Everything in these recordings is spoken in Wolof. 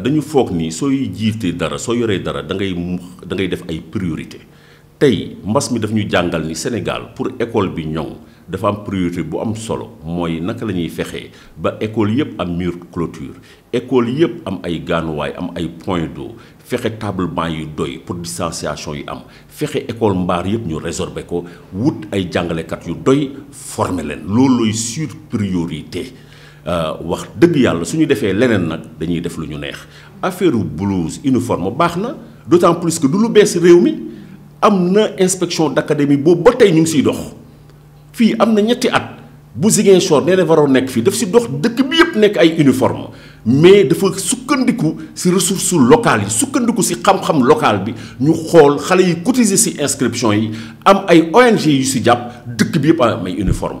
dañu foog ni sooy jiite dara soo yoree dara da ngay da ngay def ay priorité tey mbas mi daf ñu jàngal ni Sénégal pour école bi ñoŋ dafa am priorité bu am solo mooy naka la ñuy fexee ba école yépp am mur clôture école yépp am ay gaanuwaay am ay point d'eau fexe table banc yu doy pour distanciation yi am fexe école mbaar yépp ñu résorber ko wut ay jàngalekat yu doy former leen loolooy sur priorité euh, wax dëgg yàlla suñu defee leneen nag dañuy def neex affaire blouse uniforme baax d'autant plus que du lu bees inspection d'académie boobu dox ñetti at bu nee na waroon nekk daf dox bi uniforme mais dafa sukkandiku ressources locales sukkandiku si xam-xam local bi ñu inscription am ONG yu uniforme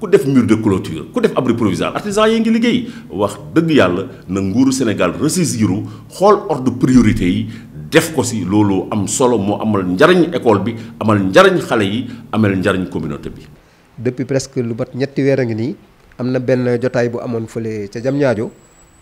ku def mur de clôture ku def abri provisoire artisan yi ngi liggéey wax dëgg yàlla na nguuru sénégal ressaisiru xool ordre priorité yi def ko si loolu am solo moo amal njariñ école bi amal njariñ xale yi amal njariñ communauté bi depuis presque lu bat ñetti weer a ngi nii am na benn jotaay bu amoon fële ca jam ñaajo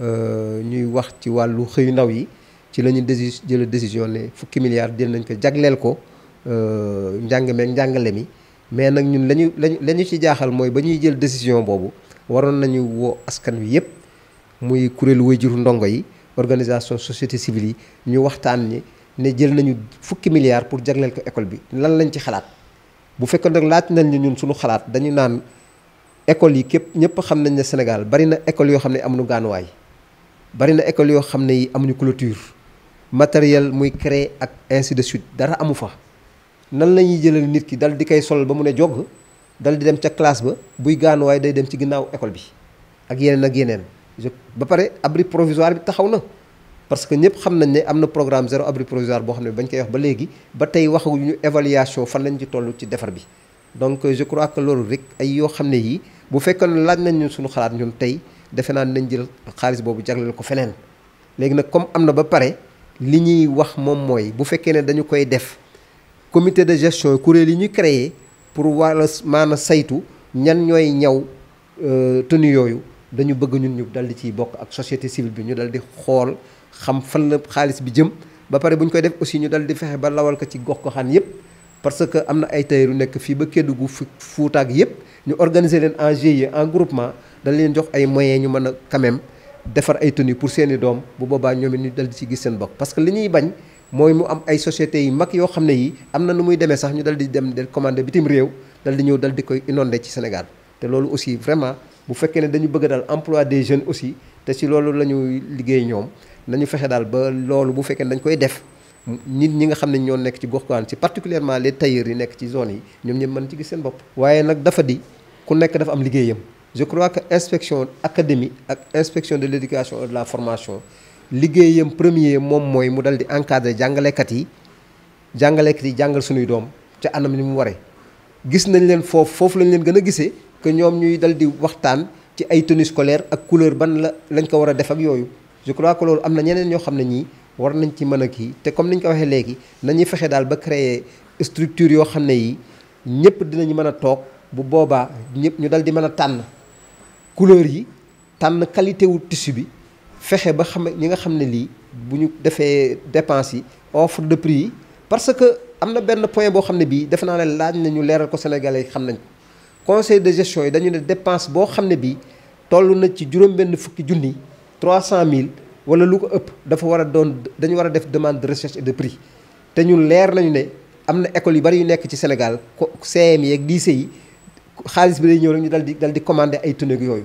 euh, ñuy wax ci wàllu xëyu ndaw yi ci la ñu jël décision ne milliards dinañ ko jagleel ko euh, njàng meeg njàngale mais nag ñun lañu lañu la ñu ci jaaxal mooy ba ñuy jël décision boobu waroon nañu woo askan wi yëpp muy kuréelu waajuru ndongo yi organisation société civile yi ñu waxtaan ñi ne jël nañu fukki milliards pour jagleel ko école bi nan lañ ci xalaat bu fekkoon nag laaj nañ ñu ñun suñu xalaat dañu naan école yi képp ñëpp xam nañ ne Sénégal bari na école yoo xam ne amuñu gaanuwaay bari na école yoo xam ne yi amuñu clôture matériel muy créer ak ainsi de suite dara amu fa nan la ñuy jëlal nit ki dal di koy solal ba mu ne jog dal di dem ca classe ba buy gaanuwaay day dem ci ginnaaw école bi ak yeneen ak yeneen ba pare abri provisoire bi taxaw na parce que ñëpp xam nañ ne am na programme zéro abri provisoire boo xam ne bañ koy wax ba léegi ba tey waxuñu évaluation fan lañ ci toll ci defar bi donc je crois que loolu rek ay yoo xam ne yii bu fekkoon ne laaj nañ ñun suñu xalaat ñun tey defe naa nañ jël xaalis boobu jagleel ko feneen léegi nag comme am na ba pare li ñuy wax moom mooy bu fekkee ne dañu koy def comité de gestion kuréel yi ñu créé pour wala man saytu ñan ñoy ñaw euh tenu yoyu dañu bëgg ñun ñu dal di ciy bokk ak société civile bi ñu dal di xol xam fan la xaalis bi jëm ba paré buñ koy def aussi ñu dal di fexé ba lawal ko ci gox ko goxaan yépp parce que amna ay tailleur nek fi fii ba Kédougou fu fuutaak yépp ñu organiser len en GIE en groupement dañ leen jox ay moyens ñu mëna quand même défar ay tenues pour seeni dom bu boobaa ñoom ñu dal di ci gis seen bopp parce que li ñuy bañ moy mu am ay sociétés yu mak yo xamné yi amna na nu muy demee sax ñu dal di dem de commandé bitim réew dal di ñëw dal di koy inondé ci Sénégal té lolu aussi vraiment bu féké ne dañu bëgg dal emploi des jeunes aussi té ci lolu lañu liggéey ñom nañu fexé dal ba lolu bu féké dañ koy def nit ñi nga xamné ne ñoo nekk ci goxuwaan ci particulièrement les tailleurs yi nekk ci zone yi ñom ñëpp mën ci gis seen bop wayé nak dafa di ku nekk dafa am liggéeyam je crois que inspection académie ak inspection de l'éducation et de la formation. liggéeyam premier moom mooy mu dal di encadrer jàngalekat yi jàngalekat yi jàngal suñuy doom ca anam ni mu waree gis nañ leen foofu foofu lañu leen gën a gisee que ñoom ñuy dal di waxtaan ci ay tenue scolaire ak couleur ban la lañ ko war a def ak yooyu je crois que loolu am na ñeneen ñoo xam ne ñii war nañ ci mën a kii te comme niñ ko waxee léegi nañuy fexe daal ba créer structure yoo xam ne yi ñëpp dinañ mën a toog bu boobaa ñëpp ñu dal di mën a tànn couleur yi tànn qualité wu tissu bi fexe ba xam ñi nga xam ne lii bu ñu defee dépense yi offre de prix yi parce que am na benn point boo xam ne bii defe naa ne laaj na ñu leeral ko Sénégalais yi xam nañ conseil de gestion yi dañu ne dépense boo xam ne bii toll na ci juróom-benn fukki junni trois mille wala lu ko ëpp dafa war a doon dañu war a def demande de recherche et de prix te ñu leer nañu ne am na école yu bari yu nekk ci Sénégal CM yeeg lycée yi xaalis bi day ñëw rek ñu dal di dal di commandé ay tunique yooyu